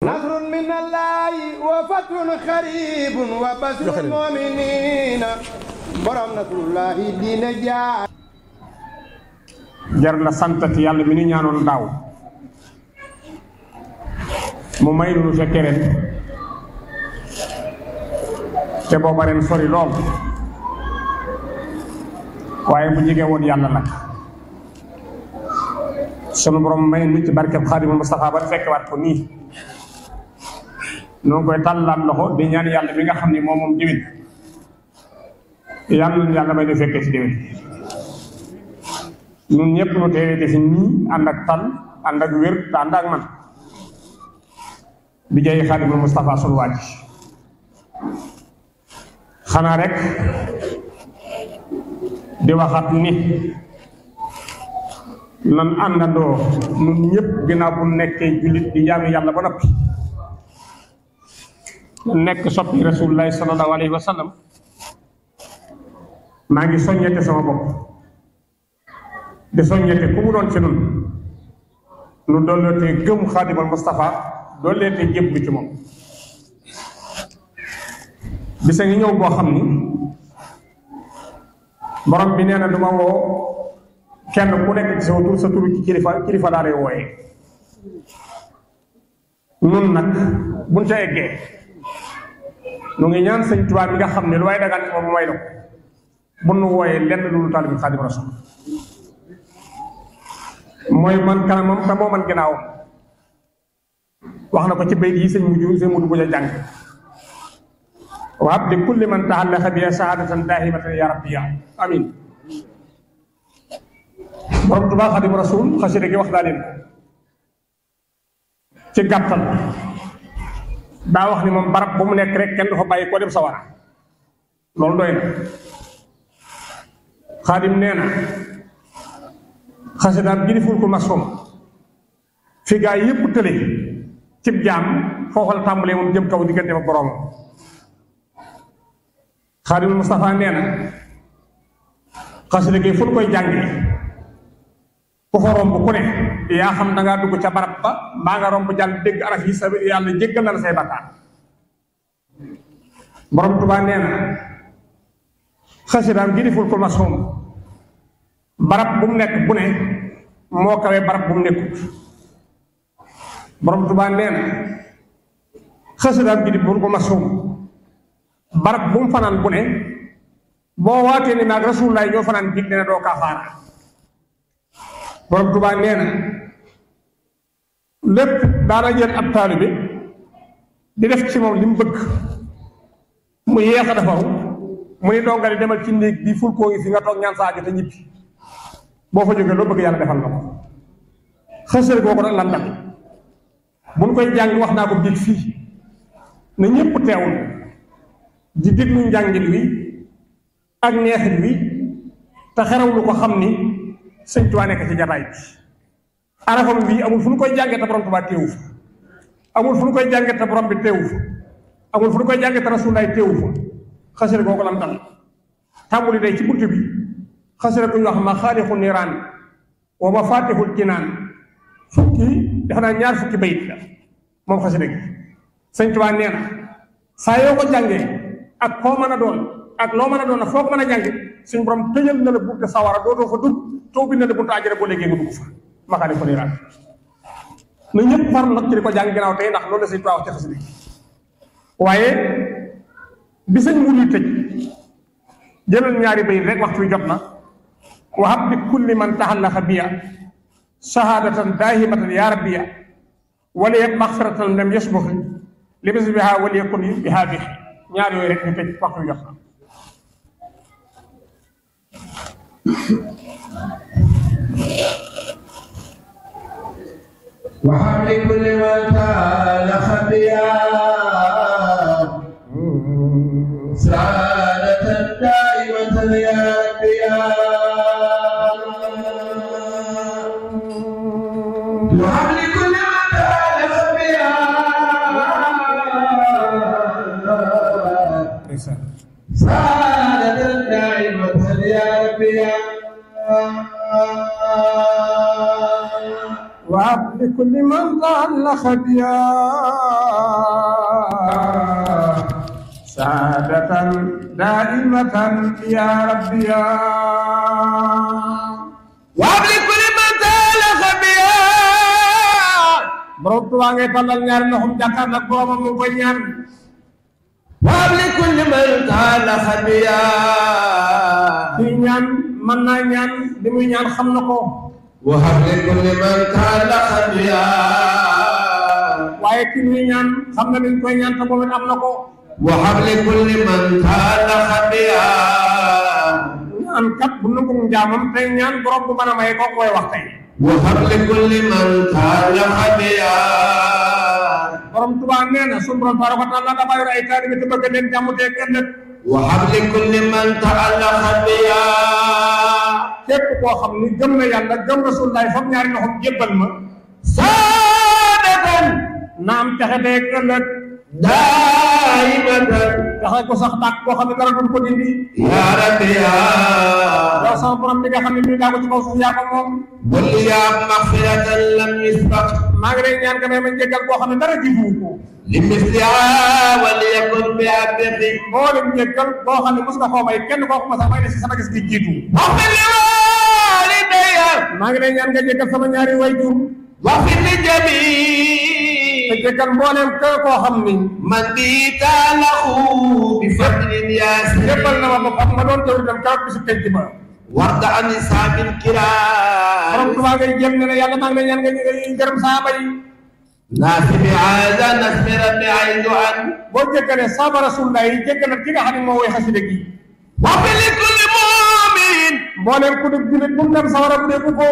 nasrun min allahi wa fathun xaribun wa yàlla mi nu ñaanoon daaw mu may nu fekke ren te booba ren sori lool waaye bu jege woon yàlla nag sunu borom may nu ci barkeb xaadimul Mustafa ba fekkewaat ko nii noo koy tàllaat loxo di ñaan yalla bi nga xamni mom mom moom yalla ñu yalla may nu fekkee si déwén ñun ñepp lu teewee def ni and ak tal and ak wër ta and ak man bi jey xaadimul mustafa sul waaji xanaa rek di waxat ni nan andando ñun ñepp ginaabu nekké julit di jaami yalla ba nopi nekk soppi rasulullahi sallallahu alayhi wa sallam maa ngi soññete sama bopp di soññete ku mu doon ci nun nu dollootee gëm xaadimal bi ci moom bisa ngi ñëw ci sama tur eggee nu ñaan sëñ Tuubaa mi nga xam ne lu waaye dagaan ci moom mu may la ko bu nu wooyee lenn loolu taalibi Xaadimu Rasuul mooy man kanamam te moo man ginnaawam wax na ko ci bayt yi sëñ mujj sëñ mujj bu jàng waab di kulli man taxallaxa bi sahaadatan daahimatan ya rabbi ya amin borom Tuubaa Xaadimu Rasuul xasida gi wax daa leen ci gàttal da wax ni mom barab bu mu nek rek kenn du fa bàyyi ko dem sawara lolou doy na khadim neena khassada xasidaam ji di ko masum fi ga yep tele ci jam foofa la tàmbalee moom jëm kaw diggante ak borom khadim mustafa neena khassada ke gi fu koy jàngee ku fa romb ku ne ya xam da nga dugg ca barab ba ma nga romb jall deg ara fi sa yàlla jéggal na say bakkaar borom tuba neena na gi diful ko masum barab bu mu nekk bu ne mo kawe barab bu mu borom tuba neena na gi diful ko masum barab bu fanan bu ne bo waté ni nak rasulullah ño fanan dig na do kafara borom Tuubaa nee na lépp daana jël ab taalibe di def ci moom li mu bëgg mu yéex a defaru mu ni dongali demal ci néeg bi ful koo ngi fi nga toog ñaan saa te ñibbi boo fa jógee loo bëgg yàlla defal na ko xësëri boo ko da lan dal koy jàng wax naa ko biig fii na ñëpp teewul di déglu njàngit wi ak neexit wi te xerawlu ko xam ni sëñ Tuubaa nekk ci jataay bi arafam bi amul fuñ koy jàngee te borom Tuubaa teewu fa amul fuñ koy jàngee te borom bi teewu fa amul fuñ koy jàngee te rasulay teewu fa xasida googu lam dal tàmbuli day ci bunt bi xasida ku ñu wax ma xaalixu niiraan wa ma faatixul jinaan fukki dafa naa ñaar fukki bayit la moom xasida gi sëñ Tuubaa nee na saa yoo ko jàngee ak koo mën a doon ak loo mën a doon ak foo ko mën a jàngee suñu borom tëjal na la bunte sawara dootoo fa dugg taw bi na la bunte àjjana boo léegi nga dugg fa makaani ko niiraat na ñëpp far nag la sëñ Tuubaa wax xas bi waaye bi sëñ mu tëj jëlal ñaari bay rek waxtu wi jot na wahab bi kulli man taxallaxa biya sahaadatan daahimatan yaa rabbiya wala yëpp maxfiratan lam yasbuxi li bis bihaa wala yëkkun bihaa bi ñaar yooyu rek ñu tëj waxtu wi jot na وحب كل من تعالى خبيئا وهب لكل من تألخ بها سعادة دائمة يا رب يا وهب لكل من تألخ بها borom tuwa ngay tallal ñaar loxum jàkkaar wahab li kulli man kana khadiya waaye ki ñuy ñaan xam na dañ koy ñaan te moom it am na ko wahab li kulli man kana khadiya ñaan kat bu nangu njaamam tey ñaan borom bu mën may ko koy wax tey wahab li kulli man kana khadiya borom tuba nee sun borom tabaraka taala dafa yor ay taalibe te bëgg leen jàmm teeg ëllëg wahab li kulli man ta'allaqa biya koo xam ni gëm na yàlla gëm rasulullaay fam ñaari loxoom jébbal ma saadatan naam texe beeg ëllëg daayimatan texe ko sax dàq koo xam ne dara duñ ko dindi yaa rabbi yaa sama borom bi nga xam ne ñu daa ko ci kaw suuf yaa ko moom walli yaa maxfiratan lam yusbaq maa ngi lay ñaan nga may ma njëggal koo xam ne dara jiitu ko li mislihaa wa li yakun bi abdihi mboolem njëkkal boo xam ne mos nga koo may kenn koo ko ma sax may ne si sama gis gi jiitu maa ngi lay ñaan nga jéggal sama ñaari wayjur waxi li jami te jéggal mbooleem ka koo xam ni man di taalaxu bi fadlin yaasi jébbal na ma boppam ma doon tawidam keroog bisu penc ba warda ani saabil kiraam borom Tuubaa ngay jéem ne la yàlla maa ngi lay ñaan nga gërëm saaba yi naa fi bi aada nas mi rabbi ay duan boo jéggalee saaba rasulullah yi jéggal nag ki nga xam ne moo way xasida gi waxi li kulli mbooleem ku dugg jullit bu mu dem sawara bu dee ku ko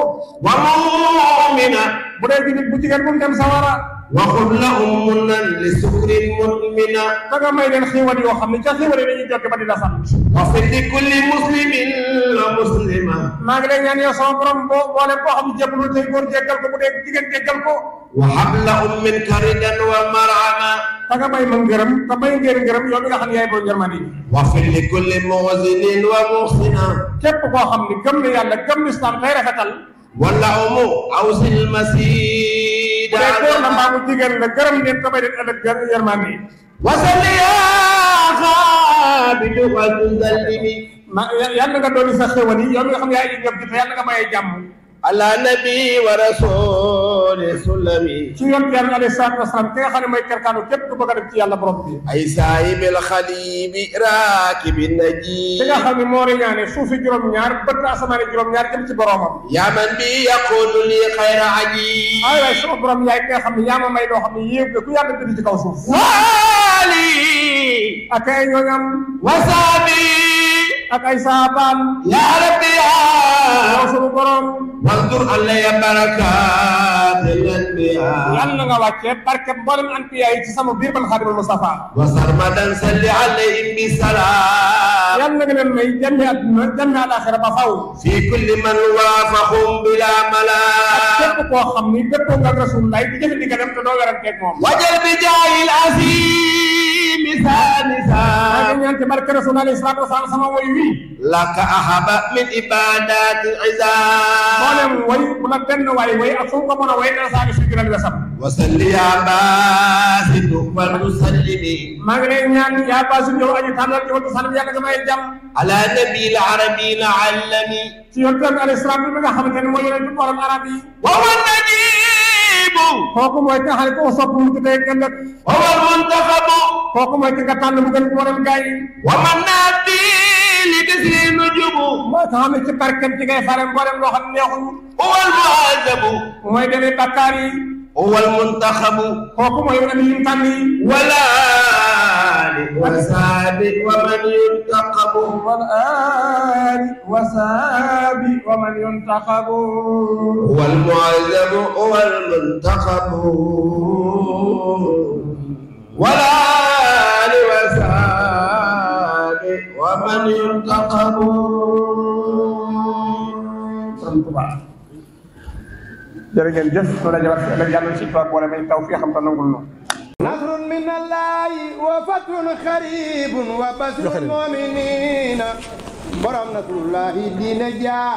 wal mu'mina bu dee jullit bu jigéen bu mu dem sawara wa xud lahum munnan li sukrin mutmina da nga may leen xiiwal yoo xam ne ca xiiwal yi dañuy jokk ba di la sant wafir li kulli muslimin la muslima maa ngi lay ñaan yow sama borom boo mbooleem koo xam ne jébbalu tey góor jéggal ko bu dee jigéen jéggal ko waxabla ummin karidan wa marama ta nga may ma ngërëm te may ngeen ngërëm yow mi nga xam ne yaay borom yërmande wa fi li kulli muhsinin wa muhsina képp koo xam ne gëm na yàlla gëm na islam tey rafetal wala umu aw sil masida bu dee góor la mbaa mu jigéen la gërëm leen te may leen ëllëg yërmande wasalli bi du'a tundallimi ma yàlla nga doon sa xéwal yi yow mi nga xam ne yaay ngëm te yàlla nga maye jàmm ala nabi wa rasuli sulami ci yoon yàlla alayhi salaatu wasalaam ki nga xam ne mooy kerkaanu képp ku bëgg a dem ci yàlla borom bi ay saayibil xalibi raakibi naji ki nga xam ne moo riñaane suufi juróom-ñaar bët asamaani juróom-ñaar jëm ci boromam yaa man bi yaquudu li xayra aji ay waay sama borom yaay ki nga xam ne yaa ma may loo xam ne yéeg la ku yàlla bind ci kaw suuf waali ak ay ñooñam wasaabi ak ay saabaam yaa rabbi yaa sunu borom wandur alayya barakatil anbiya yal na nga wàcce barke mboolem anbiya yi ci sama biir man xaadimal Mustafa wa sarmadan salli alayhim bi salaam yal na nga leen may jàmmi àdduna jàmmi àlaxira ba faw fi kulli man waafaqum bila mala képp koo xam ni bépp nga rasul lay di jëfe ndigalam te doo werante ak moom wajal bi jaayil aziz misaani laka ahaba min ibadati isa mboolem way bu la benn waay way ak fu ko mën a way dana saa ngi sujural la sam wasalli ya basinu wal musallimi maa ngi lay ñaan ya basinu yow aji tànnal ci wàllu sanam yàlla nga may jàmm ala nabi al arabi al allami ci yoon tam al islam bi nga xamante ne mooy yonent borom arab yi wa wa najibu kooku mooy taxal ko sopp mu tuddee gëndëk wa wa muntaxabu kooku mooy ki nga tànn mu gën mboolem gaa yi. wa man naa di li des lii nu jubu. mooy ko xam ne ci barkeem ci ngay fare mboolem loo xam neexul. wal muhasabu. mooy demee bakkaar yi. wal muntaxabu. kooku mooy wane ni ñu tànn yi. wala. wasaabi wa man yuntaqabu. walaali wasaabi wa man yuntaqabu. wal muhasabu wal muntaxabu. والآل وسالي ومن ينتقم جرجال من نهر من الله وفتح خريب وبزر المؤمنين برمنا الله دين جاء